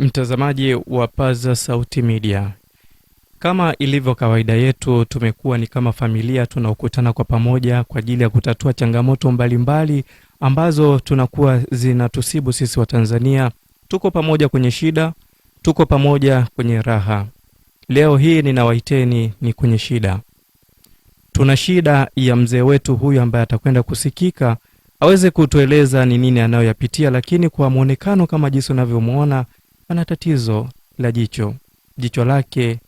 Mtazamaji wa Paza Sauti Media, kama ilivyo kawaida yetu, tumekuwa ni kama familia tunaokutana kwa pamoja kwa ajili ya kutatua changamoto mbalimbali mbali ambazo tunakuwa zinatusibu sisi Watanzania. Tuko pamoja kwenye shida, tuko pamoja kwenye raha. Leo hii ninawaiteni ni kwenye shida. Tuna shida ya mzee wetu huyu ambaye atakwenda kusikika aweze kutueleza ni nini anayoyapitia, lakini kwa mwonekano kama jinsi unavyomwona ana tatizo la jicho. Jicho lake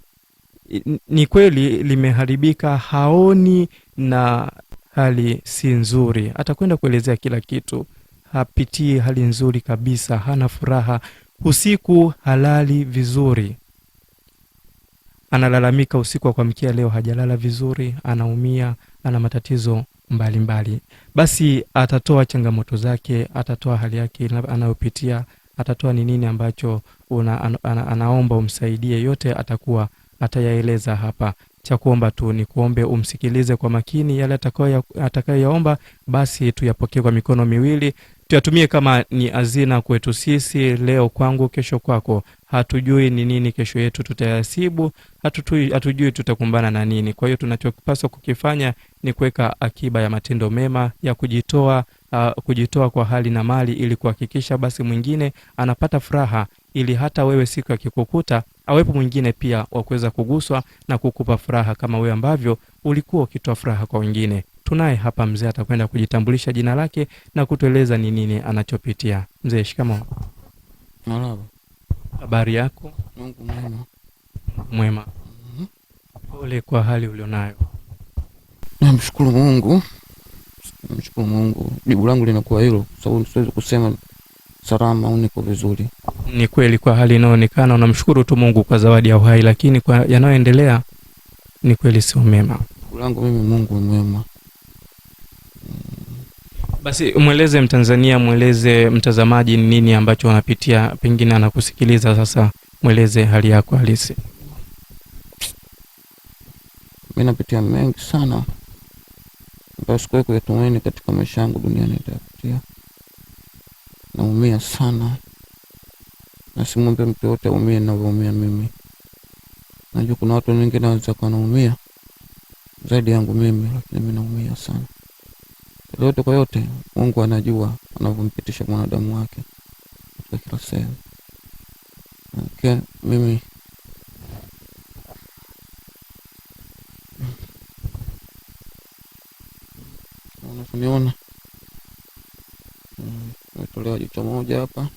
ni kweli limeharibika, haoni na hali si nzuri. Atakwenda kuelezea kila kitu, hapitii hali nzuri kabisa, hana furaha, usiku halali vizuri, analalamika usiku wa kuamkia leo hajalala vizuri, anaumia, ana matatizo mbalimbali mbali. Basi atatoa changamoto zake, atatoa hali yake anayopitia atatoa ni nini ambacho una, an, an, anaomba umsaidie. Yote atakuwa atayaeleza hapa. Cha kuomba tu ni kuombe umsikilize kwa makini, yale atakayoyaomba basi tuyapokee kwa mikono miwili tuyatumie kama ni azina kwetu sisi, leo kwangu, kesho kwako. Hatujui ni nini kesho yetu tutayasibu, hatujui tutakumbana na nini. Kwa hiyo tunachopaswa kukifanya ni kuweka akiba ya matendo mema ya kujitoa, uh, kujitoa kwa hali na mali, ili kuhakikisha basi mwingine anapata furaha, ili hata wewe siku akikukuta awepo mwingine pia wa kuweza kuguswa na kukupa furaha kama wewe ambavyo ulikuwa ukitoa furaha kwa wengine tunaye hapa mzee, atakwenda kujitambulisha jina lake na kutueleza ni nini anachopitia. Mzee, shikamoo. Marhaba. Habari yako? Mungu mwema. Mwema. Mm -hmm. Pole kwa hali ulionayo. Namshukuru Mungu, namshukuru Mungu. Jibu langu linakuwa hilo, sababu siwezi kusema salama au niko vizuri. Ni kweli kwa hali inayoonekana unamshukuru tu Mungu kwa zawadi ya uhai, lakini kwa yanayoendelea ni kweli sio mema. Jibu langu mimi, Mungu mwema. Basi mweleze Mtanzania, mweleze mtazamaji ni nini ambacho wanapitia, pengine anakusikiliza sasa, mweleze hali yako halisi. Mi napitia mengi sana ambayo sikuwahi kuyatumaini katika maisha yangu duniani itapitia. Naumia sana na simwambie mtu yote aumie navyoumia mimi. Najua kuna watu wengine wanaweza kuwa naumia zaidi yangu mimi, lakini mi naumia sana yote kwa yote, Mungu anajua anavyompitisha mwanadamu wake katika kila sehemu. Okay, mimi unavyoniona umetolea mm, jicho moja hapa,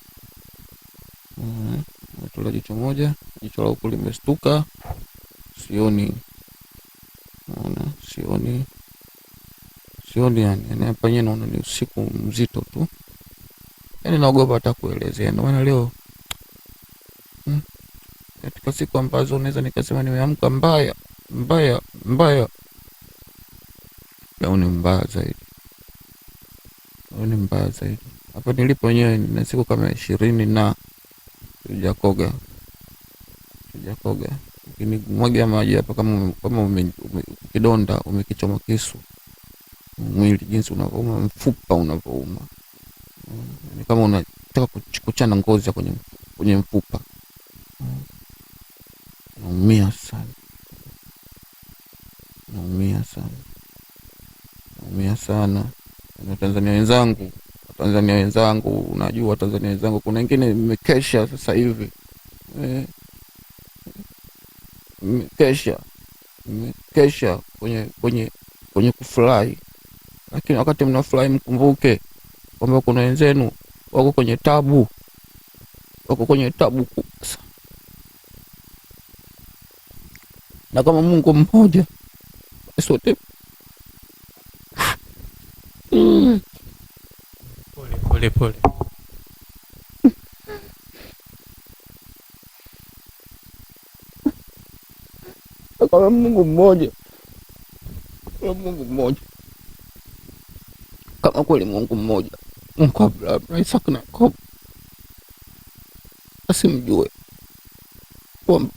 umetolea mm, jicho moja, jicho la huku limestuka, sioni, ona, sioni sioni yani, yani hapa yenyewe naona ni usiku mzito tu, yani naogopa hata kuelezea. Ndio maana leo hmm, katika siku ambazo unaweza nikasema nimeamka mbaya mbaya mbaya, leo ni yaani mbaya zaidi, leo ni yaani mbaya zaidi. Hapa nilipo wenyewe nina siku kama ishirini na sijakoga sijakoga, lakini mwaga maji hapa, kama kama ume, ume, umekichoma kisu mwili jinsi unavyouma, mfupa unavyouma, ni kama unataka kuchana ngozi ya kwenye, kwenye mfupa naumia sana, naumia sana, naumia sana. Watanzania wenzangu, Watanzania wenzangu, unajua Watanzania wenzangu, kuna wengine mmekesha sasa hivi eh. mmekesha mmekesha kwenye kwenye kwenye kufurahi lakini wakati mnafurahi mkumbuke kwamba kuna wenzenu wako kwenye tabu, wako kwenye tabu kubwa na kama Mungu mmoja basi wote Pole pole pole na kama Mungu mmoja, Mungu mmoja kama kweli Mungu mmoja, Mungu Abrahamu na Isaka na Yakobo, asimjue kwamba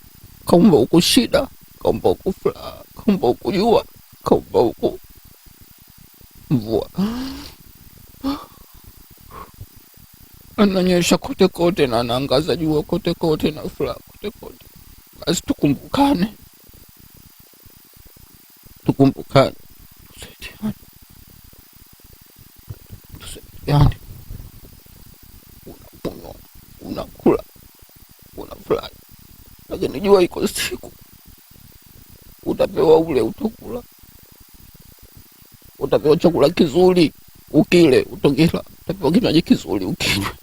kaumba huku shida, kaumba huku furaha, kaumba huku jua, kaumba huku mvua ananyesha kote kote na anaangaza jua kote kote na furaha kote kote. Basi tukumbukane, tukumbukane. Ikiwa iko siku utapewa ule utakula, utapewa chakula kizuri ukile, utokila, utapewa kinywaji kizuri ukinywa,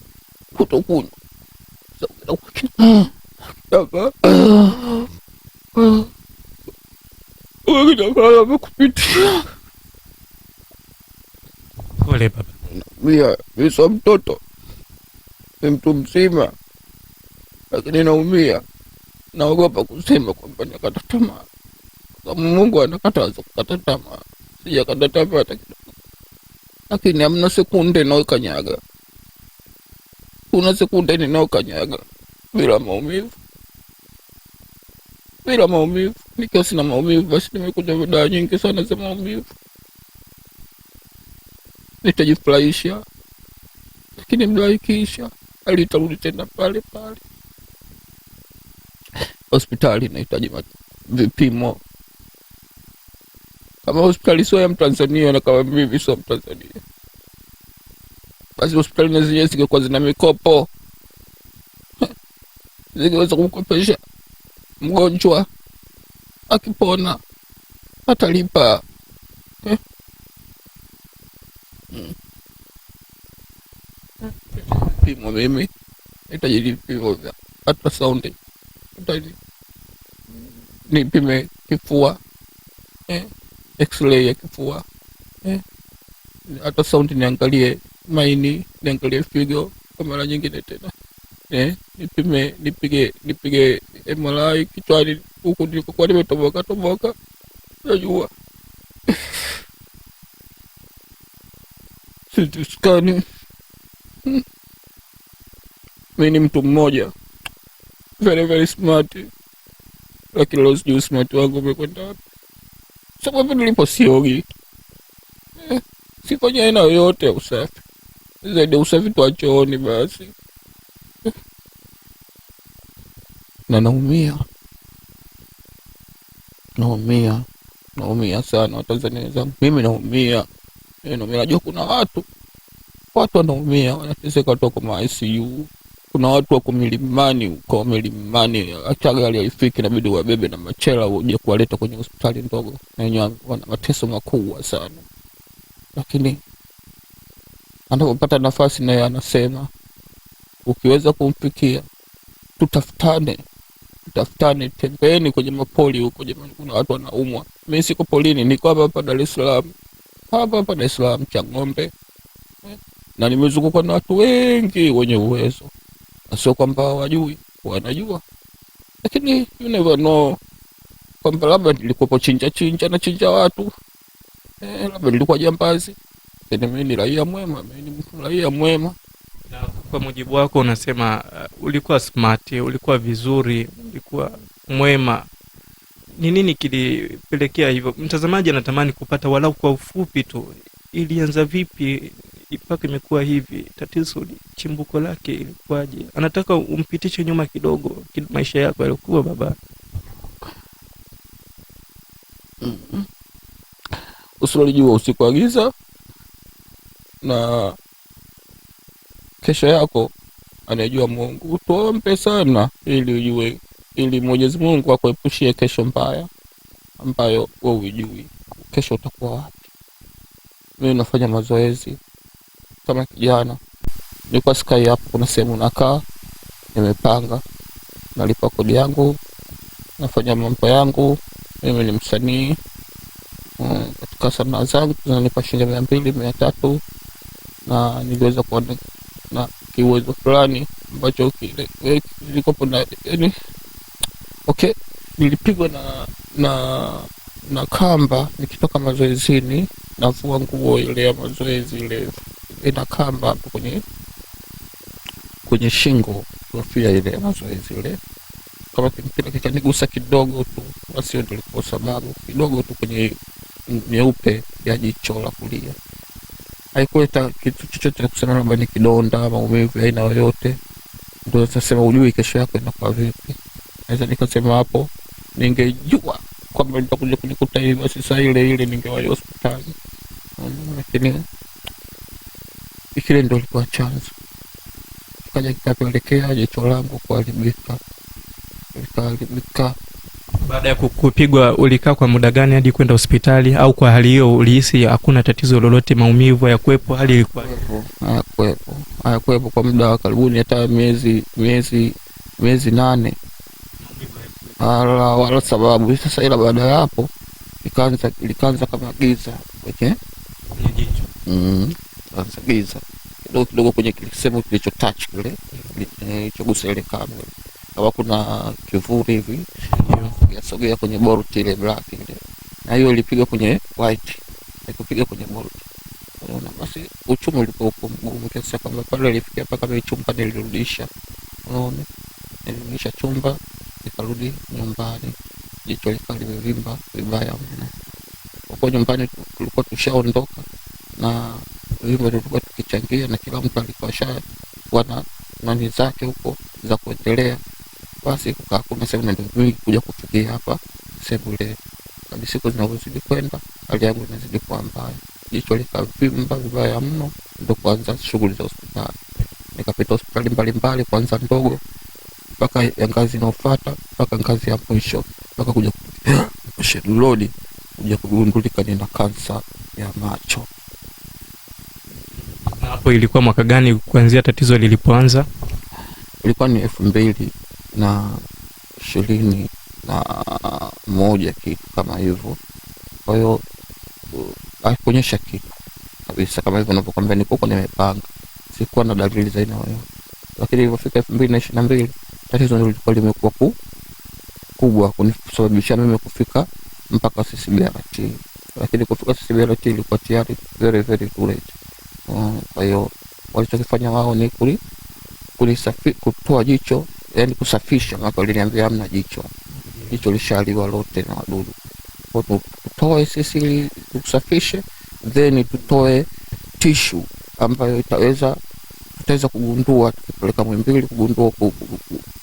utokunywa pole baba. sio mtoto, ni mtu mzima, lakini naumia naogopa kusema kwamba nikata tamaa, kama Mungu anakataza kukata tamaa, sijakata tamaa hata kidogo, lakini amna sekunde naokanyaga, kuna sekunde ninaokanyaga bila maumivu, bila maumivu. Nikiwa sina maumivu, basi nimekuja vidaa nyingi sana za maumivu, nitajifurahisha, lakini mda ikiisha hali tena pale pale hospitali inahitaji vipimo. Kama hospitali sio ya Mtanzania na kama mimi sio Mtanzania, basi hospitali na zenyewe zingekuwa zina mikopo, zingeweza kumkopesha mgonjwa, akipona atalipa Pimo mimi nahitaji vipimo vya ultrasound nipime kifua eh, x-ray ya kifua eh, hata saundi niangalie maini, niangalie figo kwa mara nyingine tena eh, nipime, nipige nipige MRI kichwani huku nilikokuwa nimetoboka toboka, najua sitiskani mi ni mtu mmoja very very smart, lakini leo sijui smart wangu umekwenda wapi, sababu nilipo siogi eh, sifanya aina yoyote ya usafi zaidi ya usafi tu basi eh. Na naumia naumia naumia sana, Watanzania wenzangu, mimi naumia eh, naumia. Najua kuna watu watu wanaumia wanateseka, watu wako ma ICU kuna watu wako milimani uko milimani, acha gari haifiki, inabidi wabebe na machela uje kuwaleta kwenye hospitali ndogo, na wenyewe wana mateso makubwa sana, lakini anapopata nafasi naye anasema, ukiweza kumfikia tutafutane, tutafutane, tembeeni kwenye mapoli huko, jamani, kuna watu wanaumwa. Mi siko polini, niko hapa hapa Dar es Salaam, hapa hapa Dar es Salaam Chang'ombe, na nimezungukwa na watu wengi wenye uwezo sio kwamba wajui wanajua, lakini you never know kwamba labda nilikuwapo chinja chinja na chinja watu eh, labda nilikuwa jambazi, lakini mimi ni raia mwema, mimi ni mtu raia mwema. Na kwa mujibu wako unasema uh, ulikuwa smart, ulikuwa vizuri, ulikuwa mwema ni nini kilipelekea hivyo? Mtazamaji anatamani kupata walau kwa ufupi tu, ilianza vipi? mpaka imekuwa hivi, tatizo chimbuko lake ilikuwaje? Anataka umpitishe nyuma kidogo maisha yako yaliokuwa baba. mm -hmm. Usilolijua usiku wa giza na kesho yako anayejua Mungu. Tuombe sana ili ujue, ili Mwenyezi Mungu akuepushie kesho mbaya ambayo wewe hujui kesho utakuwa wapi. Mimi nafanya mazoezi kama kijana nilikuwa sky hapo, kuna sehemu nakaa, nimepanga, nalipa kodi yangu, nafanya mambo yangu, mimi ni msanii mm, katika sanaa zangu zinanipa shilingi mia mbili mia tatu na niliweza kuona na kiwezo fulani ambacho eh, ilikopo na yani, okay, nilipigwa na na na kamba nikitoka mazoezini, navua nguo ile ya mazoezi ile ina kamba hapo kwenye kwenye shingo, kofia ile ya mazoezi ile, kama mpira kikanigusa kidogo tu, basi ndio ilikuwa sababu, kidogo tu kwenye nyeupe ya jicho la kulia. Haikuleta kitu chochote cha kusema labda ni kidonda, maumivu ya aina yoyote. Ndio nasema ujui kesho yako inakuwa vipi. Naweza nikasema hapo, ningejua kwamba nitakuja kunikuta hivi, basi saa ile ile ningewahi hospitali, lakini Hili ndo likuwa chanzo, kaja kikapelekea jicho langu kuharibika, likaharibika. Baada ya kupigwa ulikaa kwa muda gani hadi kwenda hospitali? Au kwa hali hiyo ulihisi hakuna tatizo lolote, maumivu hayakuwepo? Hali ilikuwa hayakuwepo, hayakuwepo kwa muda wa karibuni, hata miezi miezi miezi nane wala sababu. Sasa ila baada ya hapo likaanza kama giza kwenye jicho mm. Sasa giza kidogo kidogo kwenye kisehemu kilicho touch kile kilichogusa ile kamera, kama kuna kivuri hivi yasogea kwenye bolt ile black ile, na hiyo ilipiga kwenye white, ikupiga kwenye bolt. Unaona, basi uchumi ulikuwa uko mgumu kiasi kwamba pale ilifikia mpaka mimi chumba nilirudisha. Unaona, nilirudisha chumba nikarudi nyumbani, jicho likawa limevimba vibaya mno. Kwa nyumbani tulikuwa tushaondoka na hivyo tulikuwa tukichangia, na kila mtu alikuwa shakuwa na nani zake huko za kuendelea. Basi kukaa kuna sehemu ndio mimi kuja kufikia hapa sebule. Hadi siku zinavyozidi kwenda, hali yangu inazidi kuwa mbaya, jicho likavimba vibaya mno, ndo kuanza shughuli za hospitali. Nikapita hospitali mbalimbali, kuanza ndogo mpaka ya ngazi inaofata mpaka ngazi ya mwisho mpaka kuja kuja kugundulika nina kansa ya macho hapo ilikuwa mwaka gani kuanzia tatizo lilipoanza? Ilikuwa ni elfu mbili na ishirini na moja kitu kama hivyo. kwahiyo uh, akuonyesha kitu kabisa, kama hivyo navyokwambia, nikuko nimepanga, sikuwa na dalili za aina yoyote, lakini ilivyofika elfu mbili na ishiri na mbili tatizo ndio lilikuwa limekuwa ku kubwa kunisababishia mimi kufika mpaka CCBRT, lakini kufika CCBRT ilikuwa tayari very very Mm, kwa hiyo walichokifanya wao ni kuli kulisafi kutoa jicho, yani kusafisha. Maana waliniambia hamna jicho, jicho lishaliwa lote na wadudu, kwa tutoe sisi ili tukusafishe, then tutoe tishu ambayo itaweza tutaweza kugundua tukipeleka mwimbili kugundua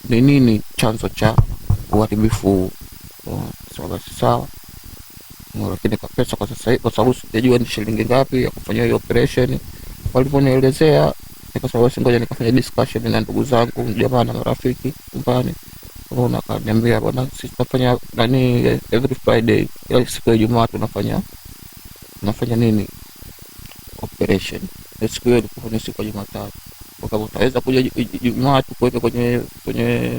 ni nini chanzo cha uharibifu huu. Sawa basi, sawa lakini kwa pesa kwa sasa hivi, kwa sababu sijajua ni shilingi ngapi ya kufanyia hiyo operation. Waliponielezea nikasema basi ngoja nikafanya discussion na ndugu zangu, jamaa na marafiki nyumbani. Unaona, akaniambia bwana, sisi tunafanya nani every Friday, kila siku ya Ijumaa tunafanya tunafanya nini operation. Siku hiyo ilikuwa ni siku ya Jumatatu. Kwa kama utaweza kuja Ijumaa tukuweke kwenye kwenye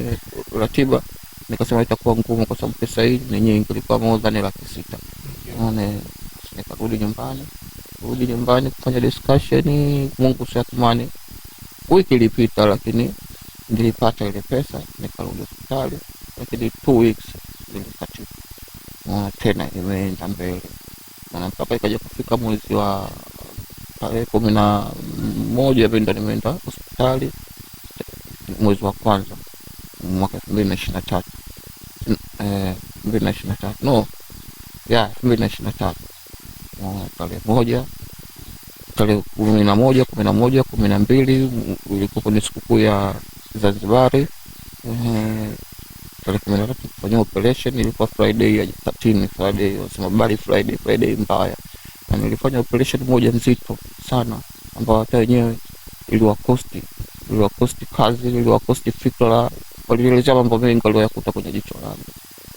ratiba, nikasema itakuwa ngumu kwa sababu pesa hii ni nyingi, ilikuwa more than laki sita nane nikarudi nyumbani, rudi nyumbani kufanya discussion. Mungu si atumani, wiki ilipita, lakini nilipata ile pesa, nikarudi hospitali, lakini two weeks zilikatika na tena imeenda mbele na mpaka ikaja kufika mwezi wa tarehe kumi na moja hivi nimeenda hospitali mwezi wa kwanza mwaka elfu mbili na ishirini na tatu eh, elfu mbili na ishirini na tatu no ya elfu mbili na ishirini na tatu tarehe moja tarehe kumi na moja kumi na moja kumi na mbili ilikuwa ni sikukuu ya Zanzibari. Eh, tarehe kumi na tatu kufanyia operation, ilikuwa Friday ya thelathini, Friday wasema bali Friday, Friday mbaya, na nilifanya operation moja nzito sana, ambayo hata wenyewe iliwakosti iliwakosti kazi, iliwakosti fikra, walielezea mambo mengi walioyakuta kwenye jicho langu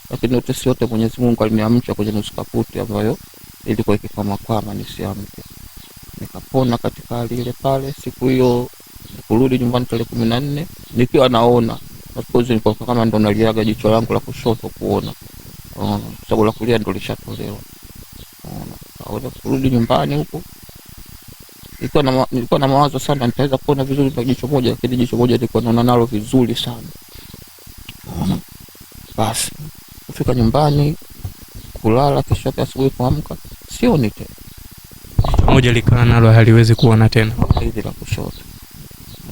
lakini yote si yote Mwenyezi Mungu aliniamsha kwenye nusu kaputi ambayo ilikuwa ikikwamakwama nisiamke, nikapona katika hali ile pale. Siku hiyo kurudi nyumbani tarehe kumi na nne nikiwa naona nilikuwa kama ndo naliaga jicho langu la kushoto kuona, sababu la kulia ndo lishatolewa. Kaweza kurudi nyumbani huko, nilikuwa na, nilikuwa na mawazo sana, nitaweza kuona vizuri kwa jicho moja, lakini jicho moja nilikuwa naona nalo vizuri sana. Basi kufika nyumbani, kulala, kesho yake asubuhi kuamka, sioni tena. Moja likaa nalo haliwezi kuona tena, hivi la kushoto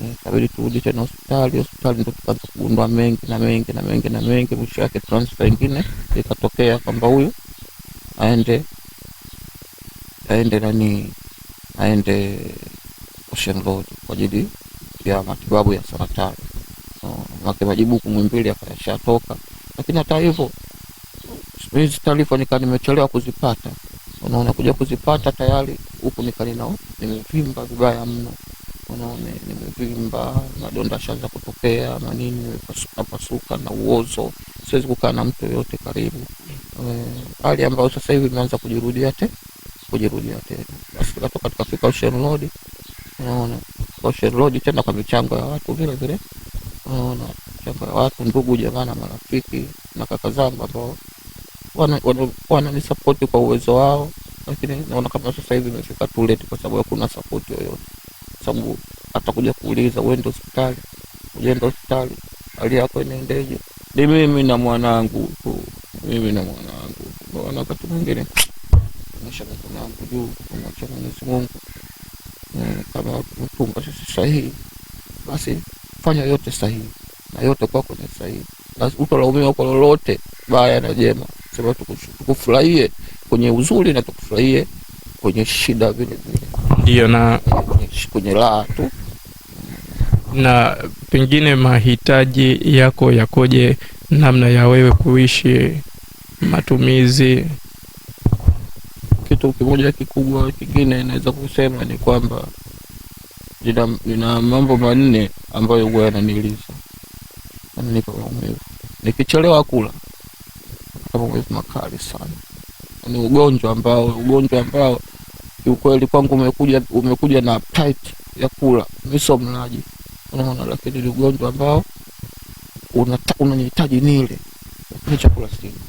eh, kabidi turudi tena hospitali. Hospitali ndo tukaanza kugundua mengi na mengi na mengi na mengi. Mwisho yake transfer ingine ikatokea kwamba huyu aende aende nani, aende Ocean Road kwa ajili ya matibabu ya saratani. So, oh, make majibu kumwimbili akayashatoka, lakini hata hivyo hizi taarifa nika nimechelewa kuzipata, unaona kuja kuzipata tayari huku nika nina nimevimba vibaya mno, unaona nimevimba, madonda shaanza kutokea na nini, nimepasuka na uozo, siwezi kukaa na mtu yoyote karibu, eh, hali e, ambayo sasa hivi imeanza kujirudia tena kujirudia tena. Basi nikatoka tukafika Ocean Road, unaona Ocean Road tena kwa michango ya watu vile vile, unaona michango ya watu, ndugu jamaa na marafiki na kaka zangu ambao wananisapoti kwa uwezo wao, lakini naona kama sasa hivi imefika tulet kwa sababu hakuna sapoti yoyote, sababu atakuja kuuliza uende hospitali, ujenda hospitali, hali yako inaendeje? Ni mimi na mwanangu tu, mimi na mwanangu. Naona wakati mwingine mesha mwanangu juu, kumwacha Mwenyezi Mungu eh, kama mtumba sisi sahihi, basi fanya yote sahihi na yote kwako ni sahihi, utalaumiwa kwa lolote baya na jema. Sema tukufurahie kwenye uzuri na tukufurahie kwenye shida vile vile, ndio na kwenye raha tu. Na pengine mahitaji yako yakoje, namna ya wewe kuishi, matumizi? Kitu kimoja kikubwa kingine naweza kusema ni kwamba nina, nina mambo manne ambayo huwa yananiliza ananipa maumivu nikichelewa kula maumivu makali sana. Ni ugonjwa ambao ugonjwa ambao kiukweli kwangu umekuja umekuja na appetite ya kula, mimi sio mlaji, unaona, lakini ni ugonjwa ambao unanihitaji nile, ni chakula sina,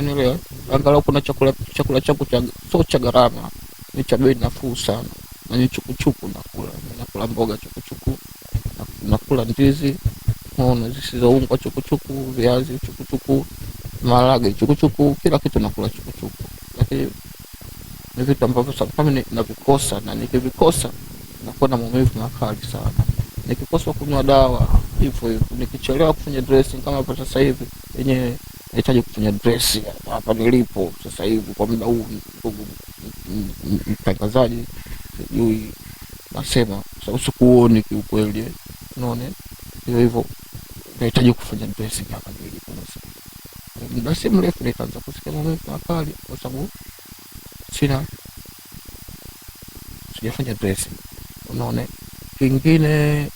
unaelewa. Angalau kuna chakula chakula changu cha sio cha gharama, ni cha bei nafuu sana, na ni chukuchuku nakula, nakula mboga chukuchuku, nakula ndizi, unaona, zisizoungwa chukuchuku, viazi chukuchuku maharage chukuchuku, kila kitu nakula chukuchuku, lakini ni vitu ambavyo kama navikosa na nikivikosa nakuwa na maumivu makali sana. Nikikosa kunywa dawa hivyo hivyo, nikichelewa kufanya dressing kama hapa sasa hivi yenye nahitaji kufanya dressing hapa nilipo sasa hivi kwa muda huu, ndugu mtangazaji, sijui nasema sababu sikuoni kiukweli, unaona, hivyo hivyo, nahitaji kufanya dressing hapa muda si mrefu nikaanza kusikia maumivu makali, kwa sababu sina sijafanya dressing. Unaona, kingine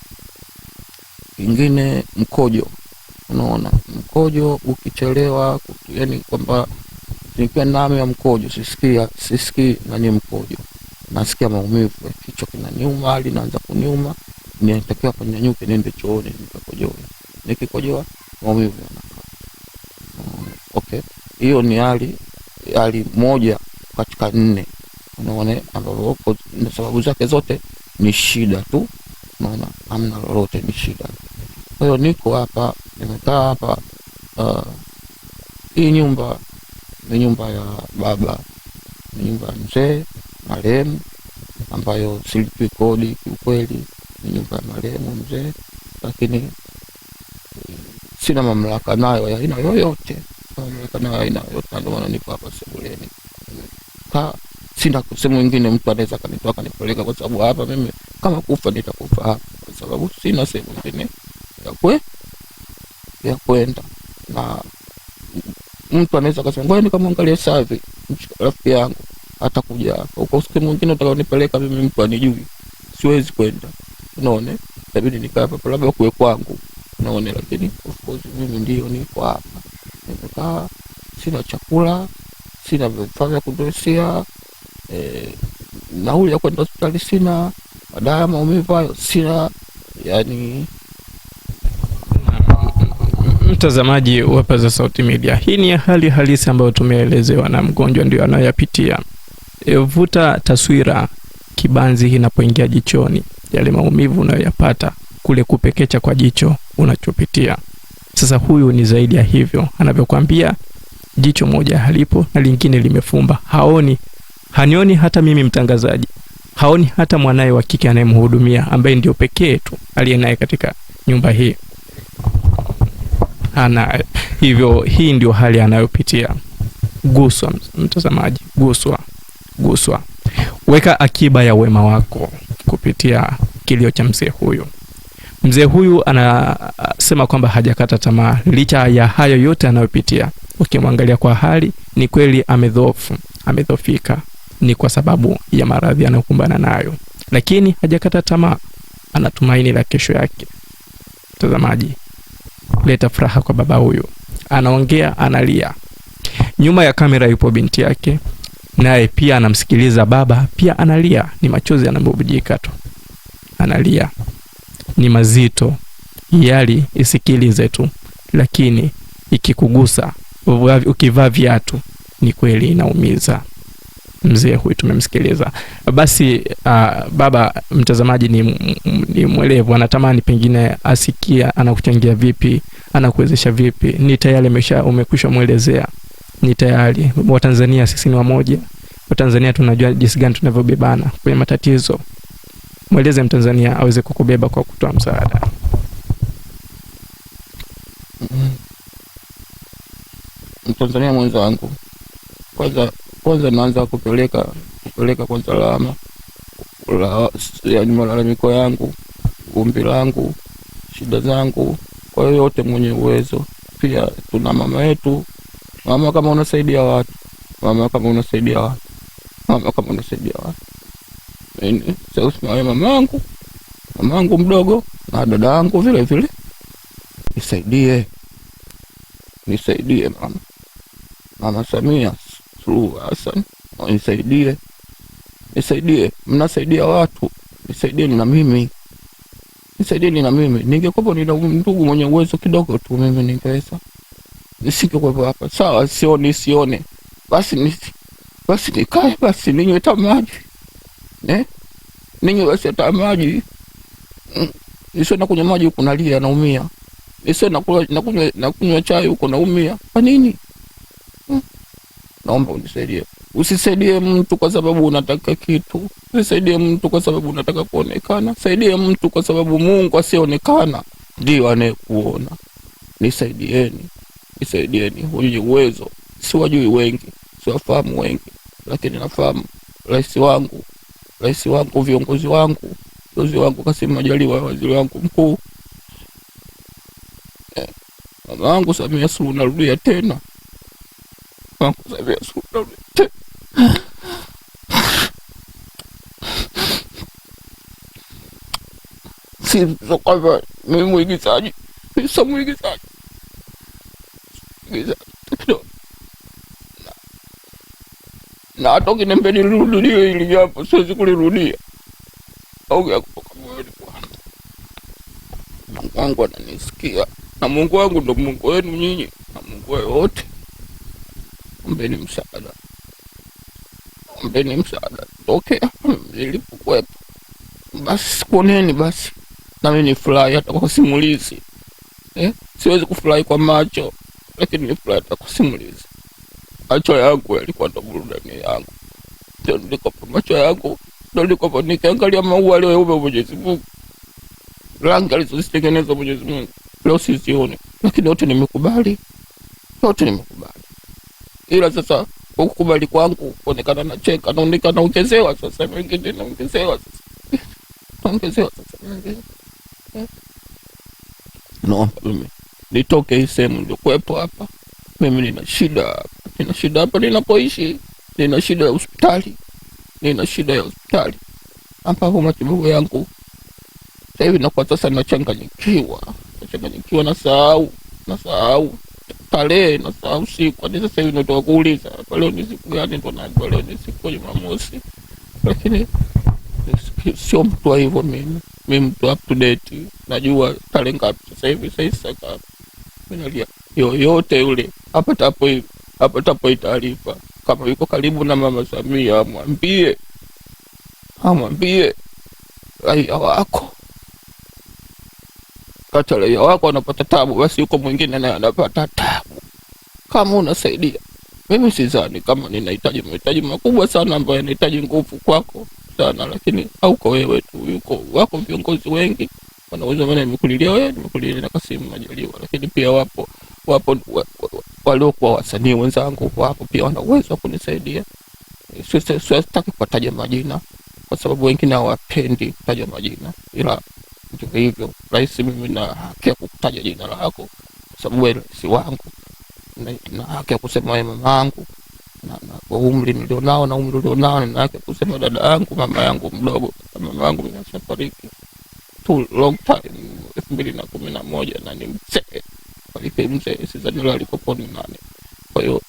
kingine mkojo. Unaona, mkojo ukichelewa, yani kwamba nikiwa nami ya mkojo sisikia sisikii nani mkojo, nasikia maumivu, kichwa kinaniuma, hali naanza kuniuma, ninatakiwa kunyanyuke niende chooni nikakojoa, nikikojoa maumivu Okay, hiyo ni hali hali moja katika nne, unaona, ambapo sababu zake zote ni shida tu, unaona, amna lolote, ni shida. Kwa hiyo niko hapa, nimekaa hapa. Uh, hii nyumba ni nyumba ya baba, ni nyumba ya mzee marehemu, ambayo silipi kodi kiukweli, ni nyumba ya marehemu mzee, lakini eh, sina mamlaka nayo ya aina yoyote inaonekana sina sehemu nyingine mtu anaweza kanitoa kanipeleka, kwa sababu hapa mimi kama kufa nitakufa hapa, kwa sababu sina sehemu nyingine ya kwe ya kwenda, na mtu anaweza kasema ngoja nikamwangalia savi rafiki yangu atakuja hapa uko siku mwingine utakaonipeleka mimi, mtu anijui, siwezi kwenda, unaona, itabidi nikaa hapa, labda kuwe kwangu, unaona, lakini of course mimi ndio niko hapa nimekaa, sina chakula, sina vifaa vya kudosia e, nauli ya kwenda hospitali sina, madawa ya maumivu hayo sina, yani Mtazamaji wa Paza Sauti Media, hii ni hali halisi ambayo tumeelezewa na mgonjwa, ndio anayoyapitia. E, vuta taswira kibanzi inapoingia jichoni, yale maumivu unayoyapata, kule kupekecha kwa jicho unachopitia. Sasa huyu ni zaidi ya hivyo, anavyokwambia jicho moja halipo na lingine limefumba, haoni, hanioni hata mimi mtangazaji, haoni hata mwanaye wa kike anayemhudumia ambaye ndio pekee tu aliye naye katika nyumba hii ana hivyo. Hii ndio hali anayopitia. Guswa mtazamaji, guswa, guswa. Weka akiba ya wema wako kupitia kilio cha mzee huyu. Mzee huyu anasema kwamba hajakata tamaa licha ya hayo yote anayopitia. Ukimwangalia kwa hali, ni kweli amedhofu amedhofika, ni kwa sababu ya maradhi anayokumbana nayo, lakini hajakata tamaa, ana tumaini la kesho yake. Mtazamaji, leta furaha kwa baba huyu, anaongea, analia. Nyuma ya kamera yupo binti yake, naye pia anamsikiliza baba, pia analia, ni machozi yanambubujika tu, analia ni mazito, yali isikilize tu, lakini ikikugusa ukivaa viatu ni kweli inaumiza. Mzee huyu tumemsikiliza. Basi uh, baba mtazamaji ni, ni mwelevu, anatamani pengine asikia anakuchangia vipi, anakuwezesha vipi. Ni tayari amesha umekwisha mwelezea, ni tayari. Watanzania sisi ni wamoja, Watanzania tunajua jinsi gani tunavyobebana kwenye matatizo mweleze Mtanzania aweze kukubeba kwa kutoa msaada? Mtanzania mwenzangu, kwanza kwanza naanza kupeleka kupeleka kwanza alama yaani malalamiko yangu, gumbi langu, shida zangu kwa yoyote mwenye uwezo. Pia tuna mama yetu, mama kama unasaidia watu, mama kama unasaidia watu, mama kama unasaidia watu sausimamia yaani, mamangu mamangu mdogo na dada yangu vile vile, nisaidie nisaidie mama Mama Samia Suluhu Hassan nisaidie nisaidie, mnasaidia watu, nisaidieni na mimi nisaidieni na mimi. Ningekuwa nina ndugu mwenye uwezo kidogo tu, mimi ningeweza, nisingekuwa hapa. Sawa, sioni sione, basi basi nikae, basi ninywe tamaji ne eh? ninyi wasiota maji nisio mm. nakunywa maji huku nalia naumia, nisio nakunywa nakunywa chai huko naumia. Kwa nini? Hmm. Naomba unisaidie. Usisaidie mtu kwa sababu unataka kitu, usisaidie mtu kwa sababu unataka kuonekana. Saidie mtu kwa sababu Mungu asionekana ndio anayekuona. Nisaidieni, nisaidieni. Huyu uwezo siwajui wengi, siwafahamu wengi, lakini nafahamu rais wangu rais wangu, viongozi wangu, viongozi wangu Kassim Majaliwa, waziri wangu mkuu, eh, mama wangu Samia Suluhu, narudia tena wangu Samia Suluhu, narudia tena si kwamba mimi mwigizaji, mimi sio mwigizaji na hata ukiniambia nirudie ili hapo, siwezi kulirudia. Au ya kutoka mwili kwanza. Mungu wangu ananisikia, na Mungu wangu ndo Mungu wenu nyinyi na Mungu wote. Ombeni msaada, ombeni msaada, tokea okay, nilipokuwepo basi, kuoneni basi, nami nifurahi hata kwa simulizi eh? Siwezi kufurahi kwa macho, lakini nifurahi hata kwa simulizi. Macho yangu yalikuwa ndo burudani yangu, ndio nilikopa macho yangu, ndio nilikopa nikiangalia maua leo yaume Mwenyezi Mungu, rangi alizozitengeneza Mwenyezi Mungu leo sizione, lakini yote nimekubali, yote nimekubali, ila sasa ukubali kwangu kuonekana nacheka, naonekana ongezewa sasa mengine, naongezewa sasa, naongezewa sasa mengine no mimi nitoke hii sehemu ndio kuwepo hapa. Mimi nina shida, nina shida hapa ninapoishi nina shida ya hospitali, nina shida ya hospitali ambapo matibabu yangu sasa hivi nakuwa sasa nachanganyikiwa, nachanganyikiwa, nasahau nasahau tarehe, nasahau siku hadi sasa hivi natoka kuuliza leo ni siku gani, ndo najua leo ni siku ya Jumamosi, lakini sio mtu wa hivyo. Mimi mi mtu up to date, najua tarehe ngapi sasa hivi, saisa ngapi, minalia yoyote yule apatapo apatapo hii taarifa kama yuko karibu na mama Samia amwambie, amwambie raia wako kata, raia wako anapata tabu, basi yuko mwingine naye anapata tabu. Kama unasaidia, mimi sidhani kama ninahitaji mahitaji makubwa sana ambayo yanahitaji nguvu kwako sana, lakini hauko wewe tu, yuko wako viongozi wengi wanaweza. Maana nimekulilia wewe, nimekulilia na Kassim Majaliwa, lakini pia wapo wapo waliokuwa wasanii wenzangu wapo pia wana uwezo wa kunisaidia. Siwataki kuwataja majina kwa sababu wengine hawapendi kutaja majina, ila ndivyo hivyo. Rahisi, mimi na haki ya kukutaja jina lako kwa sababu wewe si wangu, na haki ya kusema wewe mama yangu kwa umri nilionao na umri ulionao, nina haki kusema dada yangu, mama yangu mdogo. Mama yangu mimi tu long time, elfu mbili na kumi na moja na ni mzee alipe mzee, sidhani leo alikopo ni nane. Kwa hiyo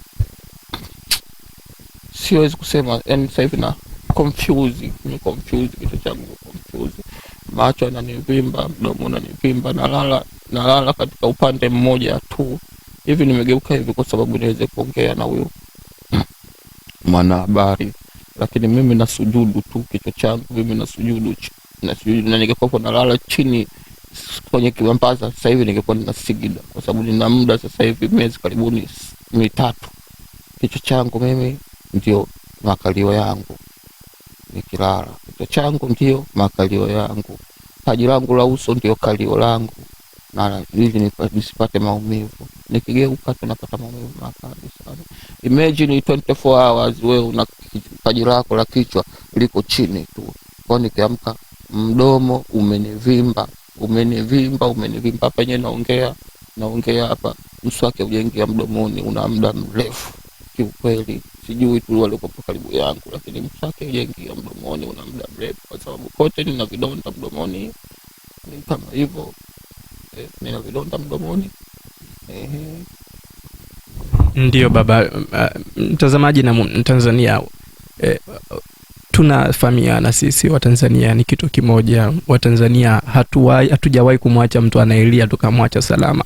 siwezi kusema, yani sasa hivi na confuse, ni confuse, kichwa changu confuse, macho ananivimba, mdomo unanivimba, nalala nalala katika upande mmoja tu hivi, nimegeuka hivi kwa sababu niweze kuongea na huyo mwanahabari, lakini mimi nasujudu tu, kichwa changu mimi nasujudu, nasujudu na ningekuwa nalala chini kwenye Kiwambaza sasa hivi ningekuwa nina Singida, kwa sababu nina muda sasa hivi miezi karibuni mitatu. Kichwa changu mimi ndio makalio yangu, nikilala kichwa changu ndio makalio yangu, paji langu la uso ndio kalio langu, na ili nisipate maumivu. Nikigeuka tu napata maumivu makali sana. Imagine 24 hours wewe una paji lako la kichwa liko chini tu, kwa nikiamka mdomo umenivimba umenivimba, umenivimba hapa yenyewe, naongea naongea hapa, mswaki ujaingia mdomoni, una muda mrefu kiukweli, sijui tu walikopo karibu yangu, lakini mswaki ujaingia mdomoni, una muda mrefu, kwa sababu kote nina vidonda mdomoni, ni kama hivyo eh, nina vidonda mdomoni eh, ndio baba eh, mtazamaji na Tanzania eh, tunafahamiana sisi Watanzania ni kitu kimoja. Watanzania hatujawahi kumwacha mtu anaelia tukamwacha salama,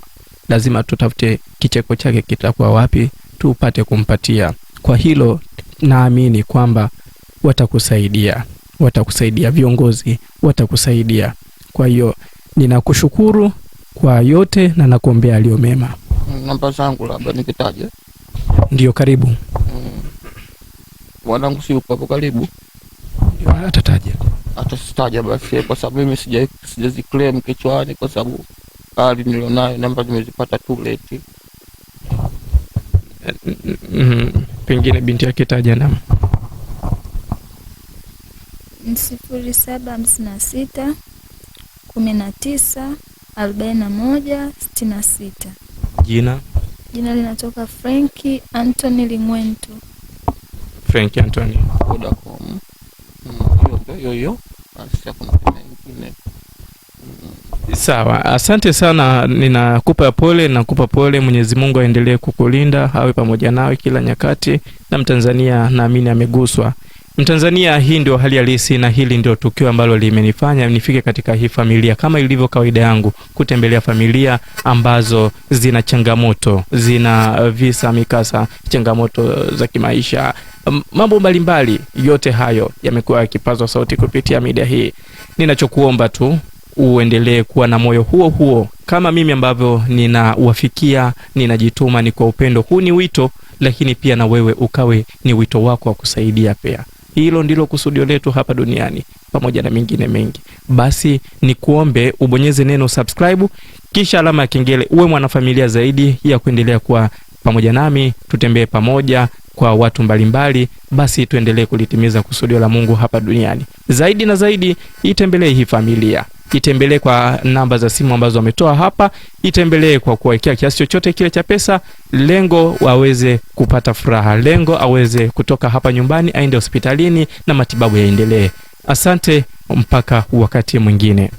lazima tutafute kicheko chake kitakuwa wapi, tupate kumpatia. Kwa hilo naamini kwamba watakusaidia, watakusaidia viongozi, watakusaidia. Kwa hiyo ninakushukuru kwa yote na nakuombea aliyo mema. Namba zangu labda nikitaja ndio karibu mm. mwanangu, mm. uko hapo karibu Atataja tu atasitaja basi, kwa sababu mimi claim kichwani, kwa sababu hali nilionayo namba nimezipata tu leti. Mm, pengine binti yake taja namba sifuri saba hamsini na sita kumi na tisa arobaini na moja sitini na sita. Jina jina linatoka Franki Anthony Lingwentu. Franki Anthony Vodacom yoyo hiyo, kuna pengine nyingine. Mm. Sawa, asante sana, ninakupa pole, nakupa pole. Mwenyezi Mungu aendelee kukulinda, awe pamoja nawe kila nyakati, na Mtanzania naamini ameguswa Mtanzania, hii ndio hali halisi na hili ndio tukio ambalo limenifanya nifike katika hii familia. Kama ilivyo kawaida yangu kutembelea familia ambazo zina changamoto, zina visa, mikasa, changamoto za kimaisha, mambo mbalimbali, yote hayo yamekuwa yakipazwa sauti kupitia media hii. Ninachokuomba tu uendelee kuwa na moyo huo huo kama mimi ambavyo ninawafikia, ninajituma, ni kwa upendo huu. Ni wito, lakini pia na wewe ukawe ni wito wako wa kusaidia pia. Hilo ndilo kusudio letu hapa duniani, pamoja na mengine mengi. Basi ni kuombe ubonyeze neno subscribe, kisha alama ya kengele, uwe mwanafamilia zaidi ya kuendelea kuwa pamoja nami, tutembee pamoja kwa watu mbalimbali mbali. Basi tuendelee kulitimiza kusudio la Mungu hapa duniani zaidi na zaidi. Itembelee hii familia itembelee kwa namba za simu ambazo wametoa hapa, itembelee kwa kuwekea kiasi chochote kile cha pesa, lengo aweze kupata furaha, lengo aweze kutoka hapa nyumbani aende hospitalini na matibabu yaendelee. Asante mpaka wakati mwingine.